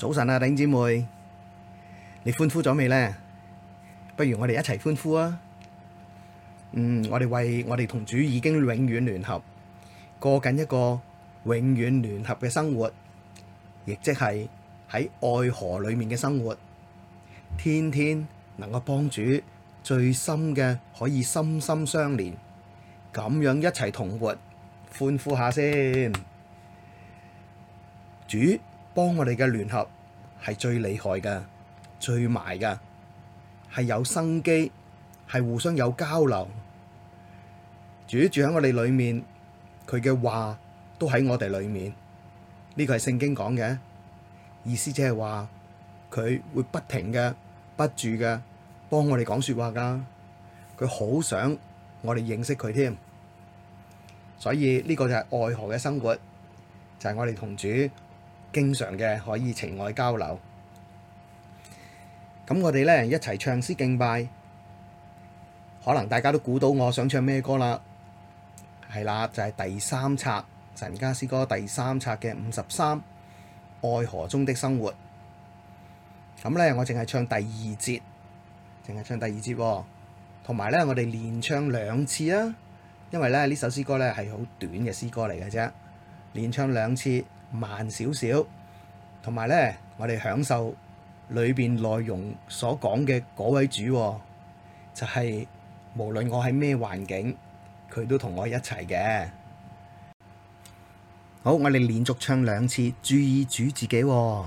早晨啊，弟兄姊妹，你歡呼咗未呢？不如我哋一齊歡呼啊！嗯，我哋為我哋同主已經永遠聯合，過緊一個永遠聯合嘅生活，亦即係喺愛河裏面嘅生活，天天能夠幫主最深嘅可以心心相連，咁樣一齊同活，歡呼下先，主。幫我哋嘅聯合係最厲害嘅，最埋嘅係有生機，係互相有交流。主住喺我哋裏面，佢嘅話都喺我哋裏面。呢、這個係聖經講嘅意思，即係話佢會不停嘅不住嘅幫我哋講說話噶。佢好想我哋認識佢添，所以呢個就係愛河嘅生活，就係、是、我哋同主。經常嘅可以情愛交流，咁我哋咧一齊唱詩敬拜，可能大家都估到我想唱咩歌啦，係啦，就係第三冊《神家詩歌》第三冊嘅五十三《愛河中的生活》。咁咧，我淨係唱第二節，淨係唱第二節喎，同埋咧我哋連唱兩次啊！因為咧呢首詩歌咧係好短嘅詩歌嚟嘅啫，連唱兩次，慢少少，同埋咧，我哋享受裏邊內容所講嘅嗰位主、哦，就係、是、無論我喺咩環境，佢都同我一齊嘅。好，我哋連續唱兩次，注意主自己、哦。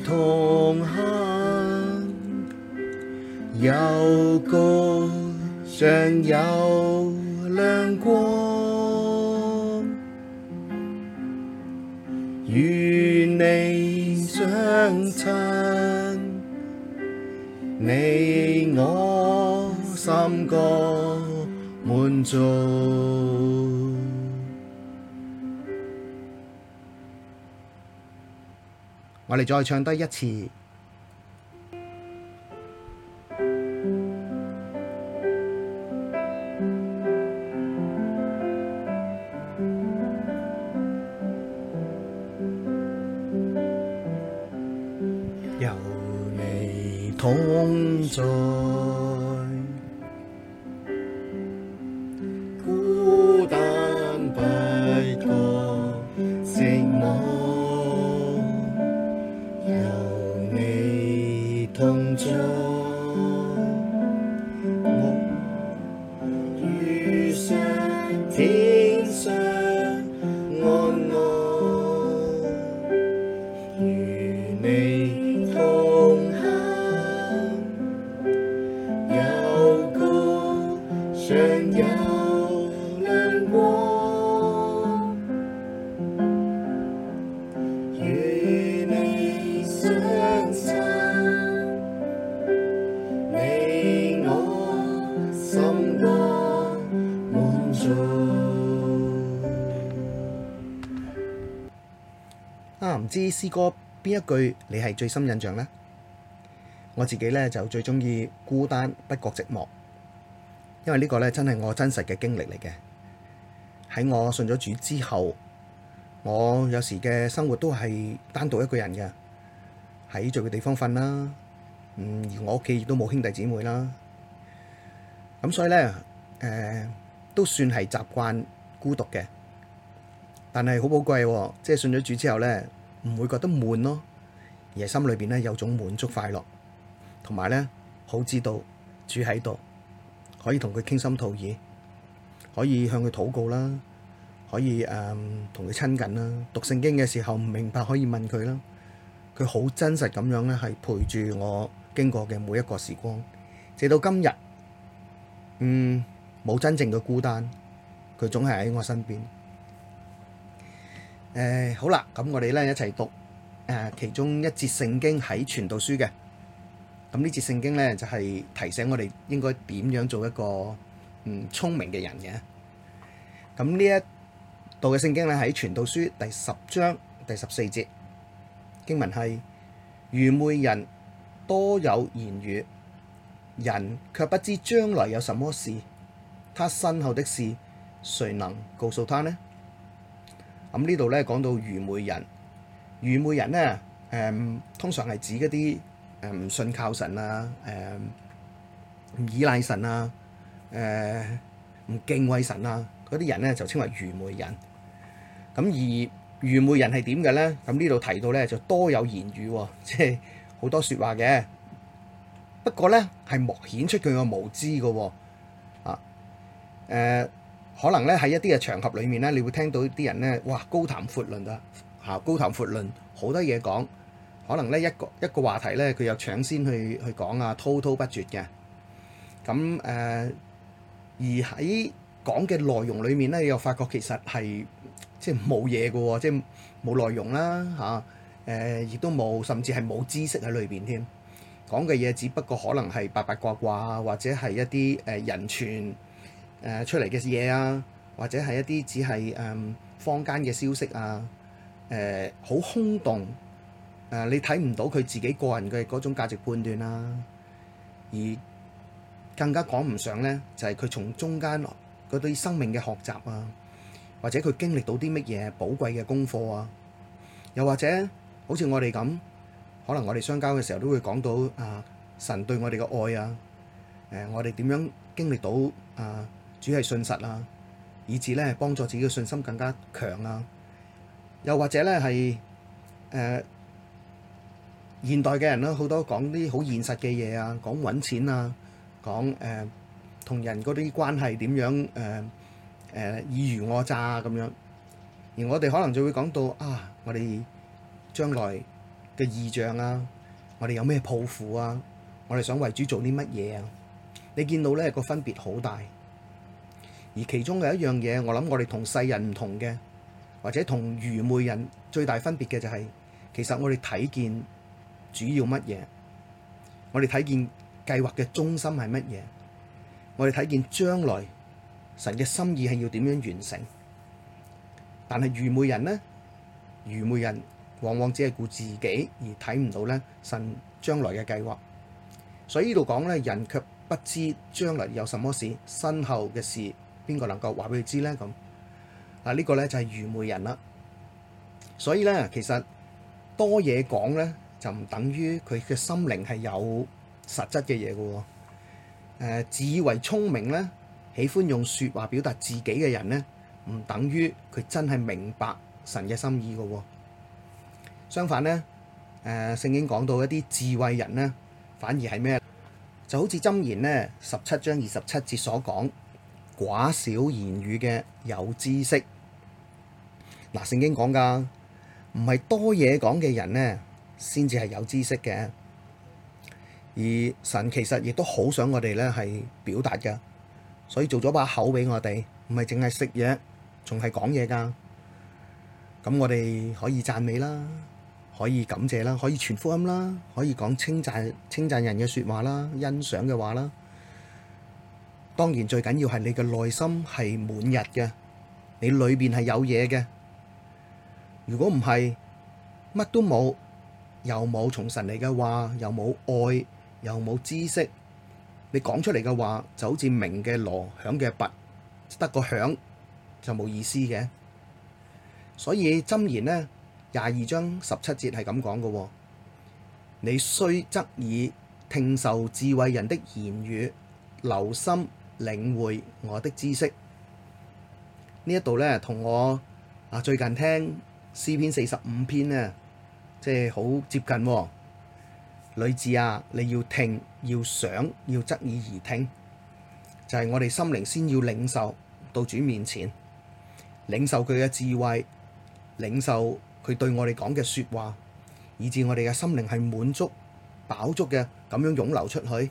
同行，幽谷像有亮光，與你相親，你我心覺滿足。我哋再唱多一次，有你同在。 等着。啲詩歌邊一句你係最深印象呢？我自己咧就最中意孤單不覺寂寞，因為呢個咧真係我真實嘅經歷嚟嘅。喺我信咗主之後，我有時嘅生活都係單獨一個人嘅，喺住嘅地方瞓啦、啊，嗯，而我屋企亦都冇兄弟姊妹啦、啊。咁所以咧，誒、呃，都算係習慣孤獨嘅，但係好寶貴、啊，即係信咗主之後咧。唔會覺得悶咯，而係心裏邊咧有種滿足快樂，同埋咧好知道住喺度，可以同佢傾心吐意，可以向佢禱告啦，可以誒同佢親近啦。讀聖經嘅時候唔明白可以問佢啦，佢好真實咁樣咧係陪住我經過嘅每一個時光，直到今日，嗯，冇真正嘅孤單，佢總係喺我身邊。誒、嗯，好啦，咁我哋咧一齊讀誒、呃，其中一節聖經喺傳道書嘅，咁呢節聖經咧就係、是、提醒我哋應該點樣做一個唔聰明嘅人嘅。咁呢一度嘅聖經咧喺傳道書第十章第十四節經文係：愚昧人多有言語，人卻不知將來有什麼事，他身後的事誰能告訴他呢？咁呢度咧講到愚昧人，愚昧人咧，誒、嗯、通常係指嗰啲誒唔信靠神啊，誒、嗯、唔依賴神啊，誒、嗯、唔敬畏神啊，嗰啲人咧就稱為愚昧人。咁而愚昧人係點嘅咧？咁呢度提到咧就多有言語，啊，即係好多説話嘅。不過咧係磨顯出佢嘅無知嘅喎、啊，啊誒。呃可能咧喺一啲嘅場合裏面咧，你會聽到啲人咧，哇高談闊論啊，嚇高談闊論，好多嘢講。可能咧一個一個話題咧，佢又搶先去去講啊，滔滔不絕嘅。咁誒、呃，而喺講嘅內容裏面咧，你又發覺其實係即係冇嘢㗎喎，即係冇內容啦嚇。誒、啊，亦、呃、都冇，甚至係冇知識喺裏邊添。講嘅嘢只不過可能係八八卦卦啊，或者係一啲誒人傳。誒、呃、出嚟嘅嘢啊，或者係一啲只係誒、呃、坊間嘅消息啊，誒、呃、好空洞，誒、呃、你睇唔到佢自己個人嘅嗰種價值判斷啦、啊，而更加講唔上咧，就係佢從中間嗰啲生命嘅學習啊，或者佢經歷到啲乜嘢寶貴嘅功課啊，又或者好似我哋咁，可能我哋相交嘅時候都會講到啊、呃，神對我哋嘅愛啊，誒、呃、我哋點樣經歷到啊？呃呃主係信實啊，以至咧幫助自己嘅信心更加強啊。又或者咧係誒現代嘅人咯、啊，好多講啲好現實嘅嘢啊，講揾錢啊，講誒同人嗰啲關係點樣誒誒、呃呃、爾虞我詐啊咁樣。而我哋可能就會講到啊，我哋將來嘅異象啊，我哋有咩抱負啊，我哋想為主做啲乜嘢啊？你見到咧個分別好大。而其中嘅一樣嘢，我諗我哋同世人唔同嘅，或者同愚昧人最大分別嘅就係其實我哋睇見主要乜嘢，我哋睇見計劃嘅中心係乜嘢，我哋睇見將來神嘅心意係要點樣完成。但係愚昧人呢，愚昧人往往只係顧自己，而睇唔到呢神將來嘅計劃。所以呢度講呢，人卻不知將來有什麼事，身後嘅事，邊個能夠話俾佢知呢？咁啊，呢個呢就係愚昧人啦。所以呢，其實多嘢講呢，就唔等於佢嘅心靈係有實質嘅嘢嘅。誒、呃，自以為聰明呢，喜歡用說話表達自己嘅人呢，唔等於佢真係明白神嘅心意嘅。相反呢，誒、呃、聖經講到一啲智慧人呢，反而係咩？就好似箴言呢十七章二十七節所講。寡少言語嘅有知識，嗱聖經講㗎，唔係多嘢講嘅人呢先至係有知識嘅。而神其實亦都好想我哋呢係表達嘅，所以做咗把口俾我哋，唔係淨係食嘢，仲係講嘢㗎。咁我哋可以讚美啦，可以感謝啦，可以傳福音啦，可以講稱讚稱讚人嘅説話啦，欣賞嘅話啦。當然最緊要係你嘅內心係滿日嘅，你裏邊係有嘢嘅。如果唔係，乜都冇，又冇從神嚟嘅話，又冇愛，又冇知識，你講出嚟嘅話就好似鳴嘅鑼響嘅鈸，得個響就冇意思嘅。所以箴言呢，廿二章十七節係咁講嘅，你須側耳聽受智慧人的言語，留心。領會我的知識，呢一度呢同我啊，最近聽詩篇四十五篇呢即係好接近、哦。女子啊，你要聽，要想，要側耳而聽，就係、是、我哋心靈先要領受到主面前，領受佢嘅智慧，領受佢對我哋講嘅説話，以至我哋嘅心靈係滿足飽足嘅，咁樣湧流出去，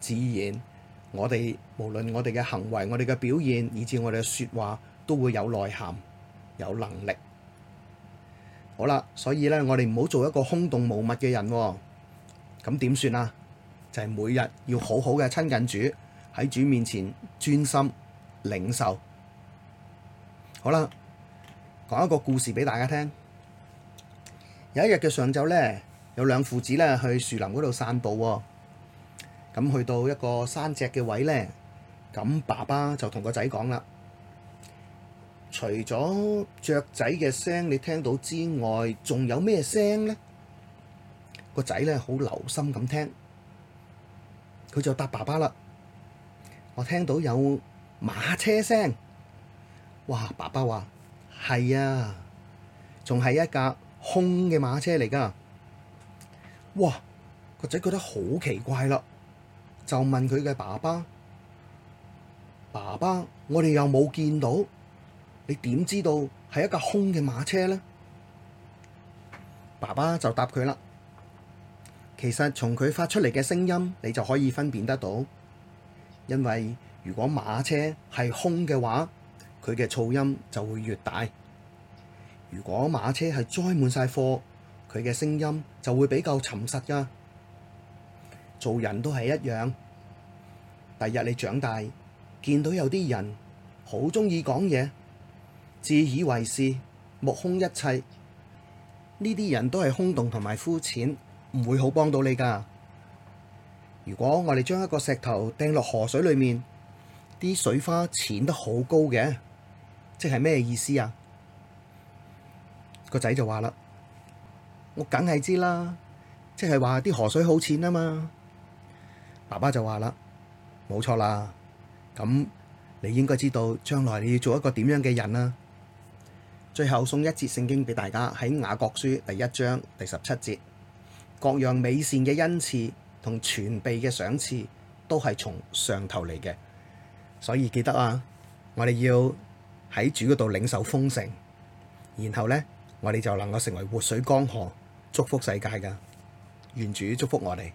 自然。我哋無論我哋嘅行為、我哋嘅表現，以至我哋嘅說話，都會有內涵、有能力。好啦，所以咧，我哋唔好做一個空洞無物嘅人、哦。咁點算啊？就係、是、每日要好好嘅親近主，喺主面前專心領受。好啦，講一個故事俾大家聽。有一日嘅上晝咧，有兩父子咧去樹林嗰度散步、哦。咁去到一個山脊嘅位呢，咁爸爸就同個仔講啦。除咗雀仔嘅聲你聽到之外，仲有咩聲呢？呢，個仔咧好留心咁聽，佢就答爸爸啦。我聽到有馬車聲，哇！爸爸話：係啊，仲係一架空嘅馬車嚟噶。哇！個仔覺得好奇怪咯～就問佢嘅爸爸：爸爸，我哋又冇見到，你點知道係一架空嘅馬車呢？爸爸就答佢啦。其實從佢發出嚟嘅聲音，你就可以分辨得到。因為如果馬車係空嘅話，佢嘅噪音就會越大；如果馬車係載滿晒貨，佢嘅聲音就會比較沉實噶。做人都係一樣。第日你長大，見到有啲人好中意講嘢，自以為是，目空一切。呢啲人都係空洞同埋膚淺，唔會好幫到你噶。如果我哋將一個石頭掟落河水裏面，啲水花濺得好高嘅，即係咩意思啊？個仔就話啦：我梗係知啦，即係話啲河水好淺啊嘛。爸爸就話啦，冇錯啦，咁你應該知道將來你要做一個點樣嘅人啦。最後送一節聖經俾大家喺，雅各書第一章第十七節，各樣美善嘅恩賜同全備嘅賞賜都係從上頭嚟嘅，所以記得啊，我哋要喺主嗰度領受豐盛，然後呢，我哋就能夠成為活水江河，祝福世界噶。願主祝福我哋。